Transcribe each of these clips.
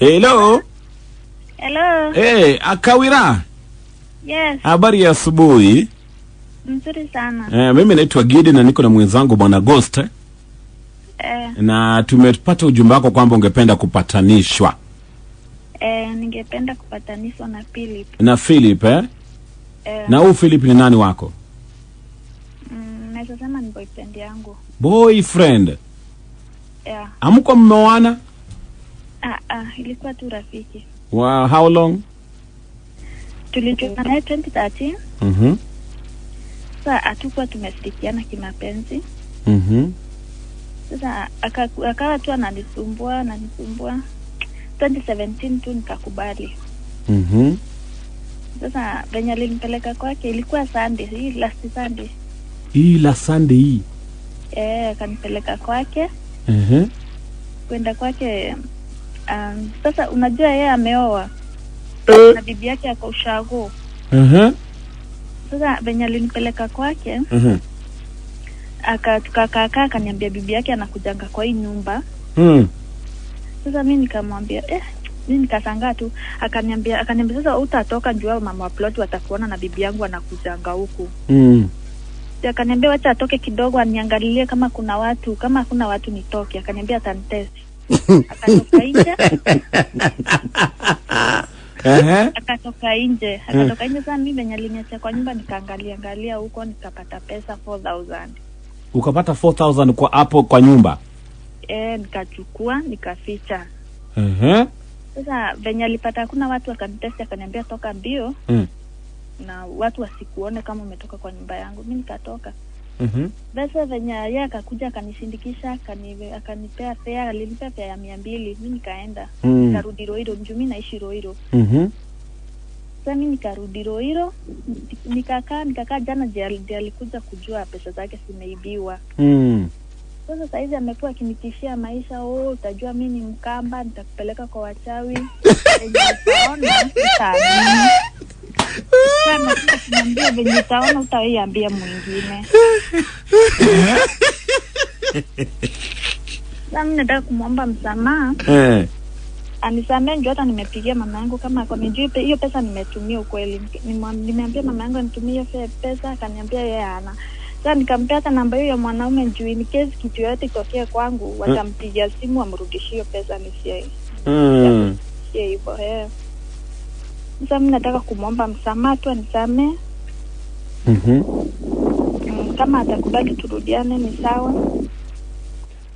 Hello. Hello. Hey, Akawira. Yes. Habari ya asubuhi. Mzuri sana. Eh, mimi naitwa Gidi na niko na mwenzangu Bwana Ghost. Eh. Na tumepata ujumbe wako kwamba ungependa kupatanishwa. Eh, ningependa kupatanishwa na Philip. Na Philip eh? Eh. Na huyu Philip ni nani wako? Mm, naweza sema ni boyfriend yangu. Boyfriend. Yeah. Amko mmeoana? Ah, ah, ilikuwa tu rafiki. Wow, how long? Tulijuana naye 2013. Mhm. Mm sasa kimapenzi. Mhm. Mm sasa akawa tu ananisumbua, ananisumbua. 2017 tu nikakubali. Mhm. Mm sasa venye alinipeleka kwake ilikuwa Sunday, hii last Sunday. Hii la Sunday hii. Eh, akanipeleka kwake. Mhm. Mm kwenda kwake Um, sasa unajua yeye ameoa uh, na bibi yake ako ushago. Uh-huh. Sasa venye alinipeleka kwake uh-huh. Aka tukakaakaa akaniambia bibi yake anakujanga kwa hii nyumba uh-huh. Sasa mi nikamwambia eh, mi nikasangaa tu, akaniambia akaniambia sasa utatoka njua mama waplot watakuona na bibi yangu anakujanga huku uh-huh. Akaniambia wacha atoke kidogo aniangalilie kama kuna watu, kama hakuna watu nitoke. Akaniambia atanitest akatoka nje akatoka nje akatoka nje sana. Mi venye aliniachia kwa nyumba, nikaangalia angalia huko nikapata pesa 4000 ukapata 4000 kwa hapo kwa nyumba e, nikachukua nikaficha. Sasa venye alipata, hakuna watu akanitesti, akaniambia toka mbio mm. na watu wasikuone kama umetoka kwa nyumba yangu, mi nikatoka mm basi -hmm. venye yeye akakuja akanishindikisha akanipea fea alinipea fea ya mia mbili mi nikaenda mm. nikarudi roiro juu mi naishi roiro mm -hmm. Sasa mi nikarudi Roiro, nikakaa nikakaa jana ndiye alikuja kujua pesa zake zimeibiwa. Mm. Sasa sahizi amekuwa akinitishia maisha, oh, utajua mi ni Mkamba, nitakupeleka kwa wachawi. Utaona sana, niambie anisamee njoo hata nimepigia mama yangu kama kwa mjui pe, pesa nimetumia ukweli. Nimeambia mama yangu anitumie hiyo pesa, akaniambia yeye ana sasa nikampea hata namba hiyo ya mwanaume juu in case kitu yoyote kitokee kwangu, watampigia simu amrudishie hiyo pesa, nisie mm. hivyo eh sasa mi nataka kumwomba msamaha tu anisamee mm-hmm. mm, kama atakubali turudiane ni sawa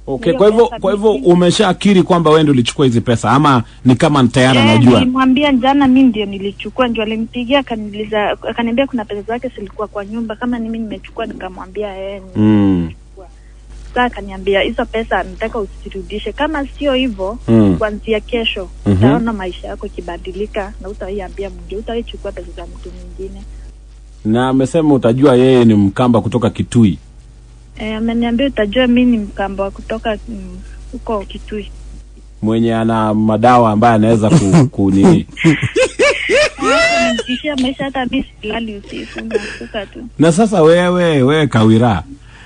Okay, kwa hivyo kwa hivyo umeshaakiri kwamba wewe ndio ulichukua hizi pesa ama ni kama tayari eh, anajua? Nilimwambia jana mimi ndio nilichukua, ndio alimpigia akaniuliza, akaniambia kuna pesa zake zilikuwa kwa nyumba, kama mimi nimechukua, nikamwambia yeye. Mm saa akaniambia hizo pesa nataka usirudishe, kama sio hivyo mm. kuanzia kesho mm -hmm. utaona maisha yako ikibadilika na utawaiambia mtu, utawaichukua pesa za mtu mwingine. Na amesema utajua yeye ni Mkamba kutoka Kitui. E, ameniambia utajua mi ni Mkamba kutoka mm, huko mm, Kitui, mwenye ana madawa ambaye anaweza ku, kunini maisha hata mi silali usiku, tu. Na sasa wewe wewe Kawira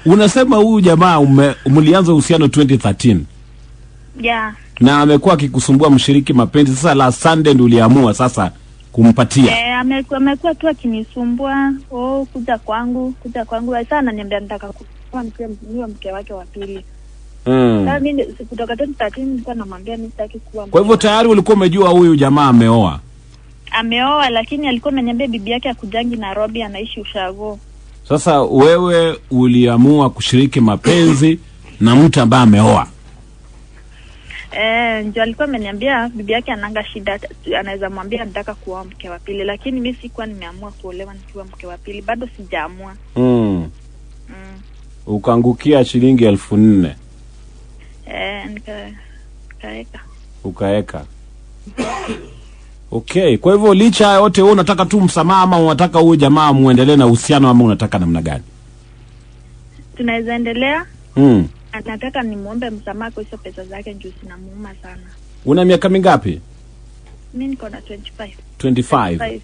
Unasema huyu jamaa mlianza uhusiano 2013. Yeah. Na amekuwa akikusumbua mshiriki mapenzi, sasa la Sunday ndio uliamua sasa kumpatia? Eh, amekuwa amekuwa tu akinisumbua, oh, kuja kwangu, kuja kwangu. Sasa ananiambia nataka kuwa mke wake wa pili. Mm. kutoka 2013 nilikuwa namwambia mimi kuwa. Kwa hivyo tayari ulikuwa umejua huyu jamaa ameoa? Ameoa, lakini alikuwa ameniambia bibi yake akujangi Nairobi, anaishi ushago. Sasa wewe uliamua kushiriki mapenzi na mtu ambaye ameoa? Eh, ndio alikuwa ameniambia bibi yake ananga shida, anaweza mwambia nataka kuoa mke wa pili, lakini mi sikuwa nimeamua kuolewa nikiwa mke wa pili, bado sijaamua. mm. mm. Ukaangukia shilingi elfu nne eh, nikaeka ukaeka Okay, kwa hivyo licha ya yote wewe unataka tu msamaha ama unataka huyu jamaa muendelee na uhusiano ama unataka namna gani? Tunaweza endelea? Mm. Nataka nimuombe msamaha kwa hizo pesa zake juu zinamuuma sana. Una miaka mingapi? Mimi niko na 25. 25.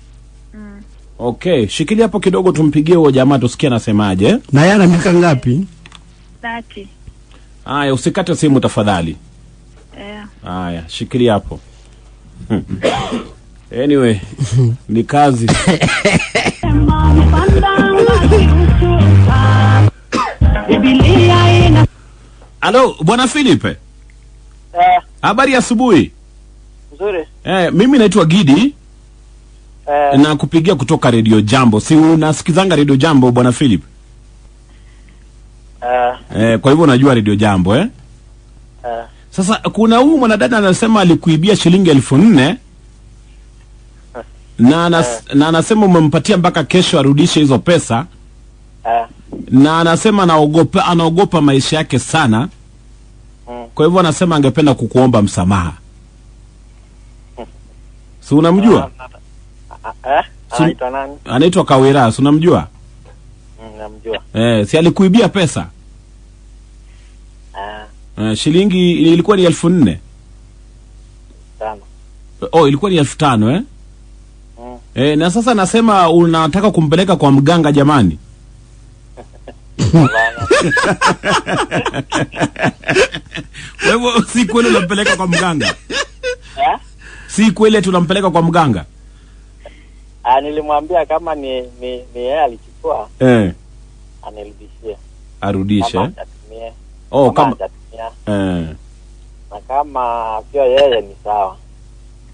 Mm. Okay, shikilia hapo kidogo tumpigie huyo jamaa tusikie anasemaje. Na yeye ana miaka ngapi? 30. Haya, usikate simu tafadhali. Eh. Yeah. Haya, shikilia hapo. Hmm. Anyway, ni kazi Halo, Bwana Philip. Eh. Habari asubuhi. Nzuri. Eh, mimi naitwa Gidi. Eh. Na kupigia kutoka Radio Jambo. Si unasikizanga Radio Jambo Bwana Philip? Eh. Eh, kwa hivyo unajua Radio Jambo eh? Eh. Sasa kuna huyu mwanadada anasema alikuibia shilingi elfu nne na anas, eh, na anasema umempatia mpaka kesho arudishe hizo pesa eh, na anasema anaogopa anaogopa maisha yake sana mm. Kwa hivyo anasema angependa kukuomba msamaha mm. Si unamjua ah, ah, ah, eh? Anaitwa nani? Anaitwa Kawira, si unamjua? Hmm, eh, si alikuibia pesa eh. Eh, shilingi ilikuwa ni elfu nne. Tano. Oh, ilikuwa ni elfu tano eh? E, na sasa nasema unataka kumpeleka kwa mganga jamani. Wewe si kweli unampeleka kwa mganga? Eh? Si kweli tunampeleka kwa mganga? Ah, nilimwambia kama ni ni, ni yeye alichukua. Eh. Anirudishie. Arudishe. Atumie. Oh, kama, kama... Eh. Na kama sio yeye ni sawa.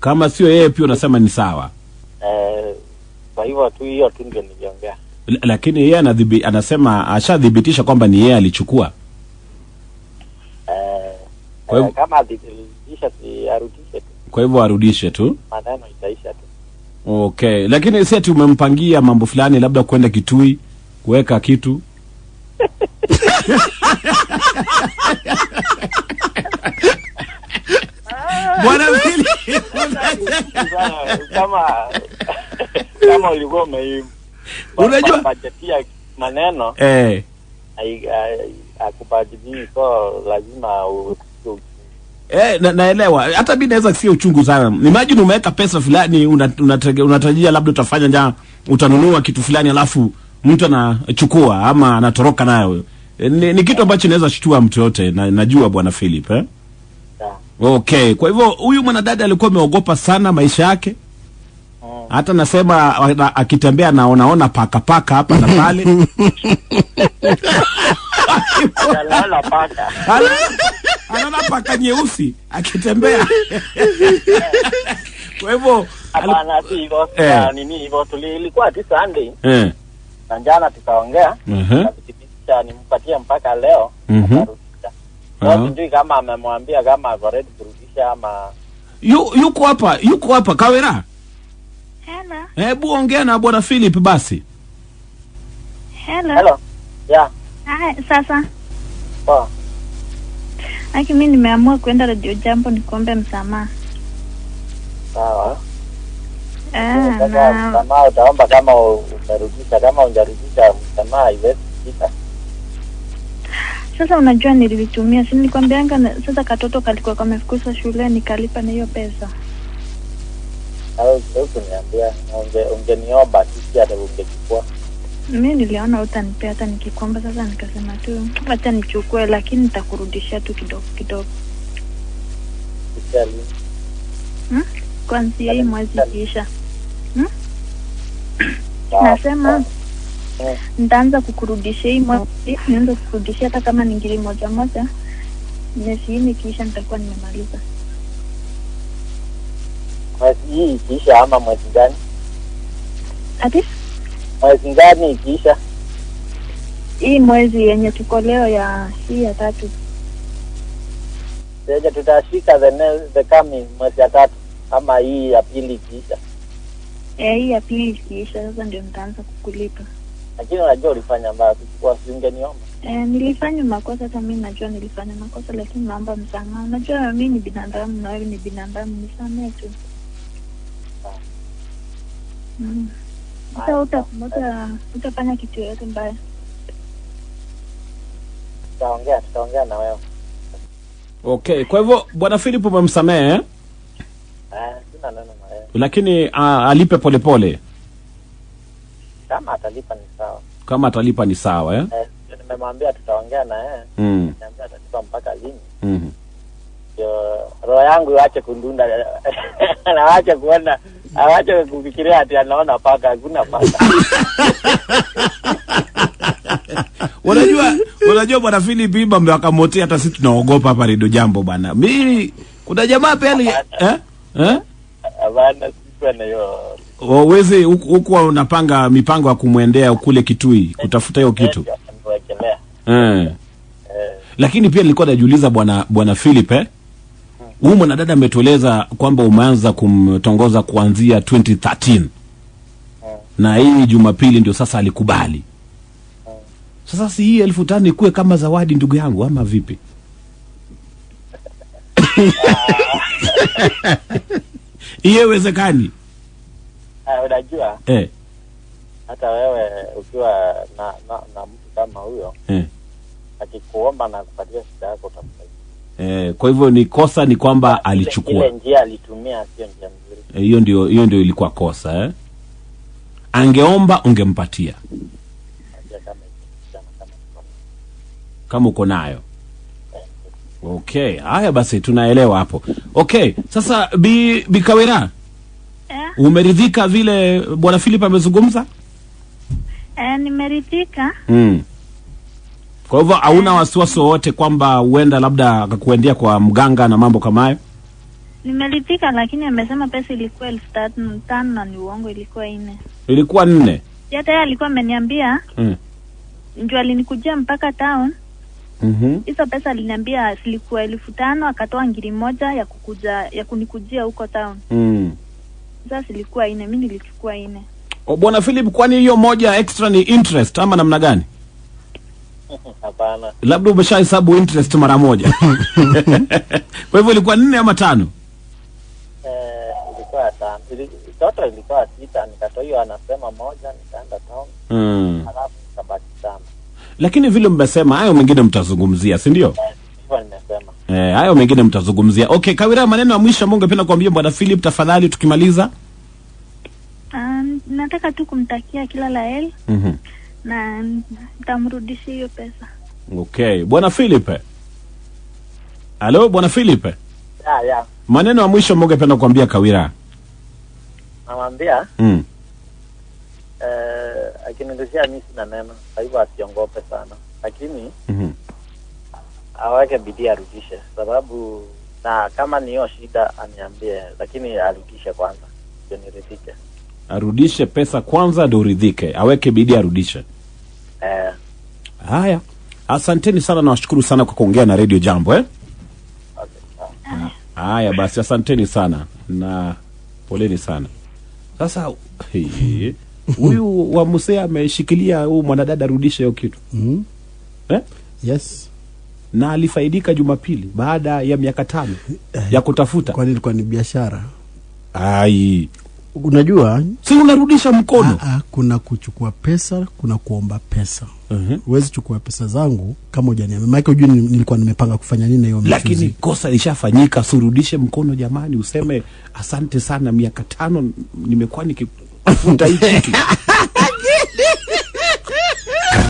Kama sio yeye pia unasema ni sawa. Eh, kwa hivyo tu hiyo tu ndio niliongea, lakini yeye anadhibi, anasema ashathibitisha kwamba ni yeye alichukua eh, Kwe... eh, kama athibitisha si arudishe tu, kwa hivyo arudishe tu, maneno itaisha tu. Okay, lakini si ati umempangia mambo fulani, labda kwenda Kitui kuweka kitu bwana mwanapili kama kama ulikuwa ume unajua maneno eh akubadilii so lazima u Eh, na, naelewa hata mi naweza sio uchungu sana. Imagine umeweka pesa fulani unatarajia una, una labda utafanya ja utanunua kitu fulani alafu mtu anachukua ama anatoroka nayo. Eh, ni, ni kitu ambacho inaweza shtua mtu yote na, najua Bwana Philip eh? Okay, kwa hivyo huyu mwanadada alikuwa ameogopa sana maisha yake. Oh. Hata nasema akitembea anaonaona paka paka hapa na pale. Anaona paka. Anaona paka nyeusi akitembea. Kwa hivyo hapana, si hivyo. eh. Nini hivyo? Tulikuwa ti Sunday. Eh. Na jana tukaongea. Mhm. Uh-huh. Nimpatia mpaka leo. Mhm. Wao sijui kama amemwambia kama Alvarez kurudisha ama yu, yuko hapa uh, yuko hapa uh, Kawera. Hello. Hebu ongea na bwana Philip basi. Hello. Hello. Yeah. Ah, sasa. oh. Aki mimi nimeamua kwenda Radio Jambo nikuombe msamaha. Sawa. Ah, na msamaha utaomba kama umerudisha kama unjarudisha msamaha iwezi kufika. Sasa unajua nilitumia si nilikwambianga, sasa katoto kalikuwa kamefukusa shule nikalipa na hiyo pesa. hata ungechukua. Mi niliona utanipea hata nikikwamba, sasa nikasema tu hata nichukue, lakini nitakurudishia tu kidogo kidogo hmm? Kwanzia hii mwezi kiisha hmm? Nasema nitaanza kukurudishia hii mwezi nianza kukurudishia hata kama ni ngiri moja moja, miezi hii nikiisha nitakuwa nimemaliza. Mwezi hii ikiisha ama mwezi gani? Ati mwezi gani ikiisha? Hii mwezi yenye tuko leo ya hii ya tatu yenye tutashika the the coming mwezi ya tatu ama hii ya pili ikiisha? Eh, hii ya pili ikiisha sasa ndio nitaanza kukulipa. Lakini unajua ulifanya mbaya, kuchukua niomba Eh, nilifanya makosa, hata mimi najua nilifanya makosa, lakini naomba msamaha. Unajua mimi ni binadamu na wewe ni binadamu, nisamee tu. Sasa mm. utakumbuka, utafanya kitu yoyote mbaya. Tutaongea, tutaongea na wewe. Okay, kwa hivyo bwana Philip umemsamehe eh? Ah, sina neno na wewe. Lakini ah, alipe polepole kama atalipa ni sawa, kama atalipa ni sawa eh? Eh, nimemwambia tutaongea na yeye eh. mm. Niambia atalipa mpaka lini mm -hmm. Roho yangu iwache kundunda na waache kuona awache kufikiria ati anaona paka. Hakuna paka Unajua, unajua bwana Philip Imba mbe akamotea, hata sisi tunaogopa hapa redio jambo bwana. Mimi kuna jamaa pia ni eh eh, bwana sisi na hiyo waweze huku unapanga mipango ya kumwendea kule Kitui kutafuta hiyo kitu eh. eh. Lakini pia nilikuwa najiuliza bwana bwana Philip eh, huyu mwanadada ametueleza kwamba umeanza kumtongoza kuanzia 2013 eh. na hii Jumapili ndio sasa alikubali. Eh. Sasa si hii elfu tano ikuwe kama zawadi ndugu yangu, ama vipi? Iyewezekani? Eh, unajua eh, hata wewe ukiwa na na, na mtu kama huyo eh, akikuomba na kupatia shida yako utamsaidia. Eh, kwa hivyo ni kosa ni kwamba alichukua ile njia alitumia, sio njia nzuri eh, hiyo. Eh, ndio hiyo ndio ilikuwa kosa eh? Angeomba ungempatia kama uko nayo. Okay, haya basi, tunaelewa hapo. Okay, sasa bi, bikawera Kawira Umeridhika vile bwana Philip amezungumza? Eh, nimeridhika. Mm. Kwa hivyo hauna wasiwasi wowote kwamba huenda labda akakuendea kwa mganga na mambo kama hayo? Nimeridhika, lakini amesema pesa ilikuwa elfu tano na ni uongo, ilikuwa nne. Ilikuwa nne? Ya tayari alikuwa ameniambia mm. Ndio alinikujia mpaka town mhm. hizo mm Pesa aliniambia zilikuwa elfu tano akatoa ngiri moja ya kukuja ya kunikujia huko town mm sasa ilikuwa nne, mimi nilichukua nne. Oh, Bwana Philip, kwani hiyo moja extra ni interest ama namna gani? Hapana, labda umeshahesabu interest mara moja. Kwa hivyo ilikuwa nne ama tano? Eh, ilikuwa tano. Toto ilikuwa sita, nikatoa hiyo anasema moja, nikaenda town. Mm. Alafu nikabaki tano. Lakini vile mmesema hayo mengine mtazungumzia, si ndio? Eh, hivyo nimesema. Eh, hayo mengine mtazungumzia. Okay, Kawira, maneno ya mwisho ambayo ungependa kuambia bwana Philip tafadhali, tukimaliza. Um, nataka tu kumtakia kila la heri mm -hmm. na nitamrudishia hiyo pesa. Okay, bwana Philip. Halo bwana Philip. Yeah, yeah. Maneno ya mwisho ambayo ungependa kuambia Kawira. Namwambia mm. Eh, akinigeshia mimi sina neno, kwa hivyo asiongope sana. Lakini mm -hmm aweke bidii arudishe, sababu na kama niyo shida aniambie, lakini arudishe kwanza ndio niridhike. Arudishe pesa kwanza ndio uridhike, aweke bidii arudishe. Eh. Haya, asanteni sana, nawashukuru sana kwa kuongea na Radio Jambo eh? Okay. Ah. Haya basi, asanteni sana na poleni sana. Sasa huyu wa Musea ameshikilia huu mwanadada, arudishe hiyo kitu mm -hmm. eh? yes na alifaidika Jumapili baada ya miaka tano eh, ya kutafuta. Kwani ilikuwa ni biashara? Ai, unajua si unarudisha mkono. Aa, ah, ah, kuna kuchukua pesa, kuna kuomba pesa. Uh-huh. Huwezi uh -huh. chukua pesa zangu kama hujaniambia, maana hujui nilikuwa nimepanga kufanya nini hiyo Lakini kosa lishafanyika, surudishe mkono jamani, useme asante sana, miaka tano nimekuwa nikikuta hii kitu